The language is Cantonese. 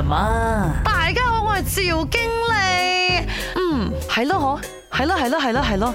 嘛，了大家好，我係趙經理，嗯，係咯嗬，係咯係咯係咯係咯。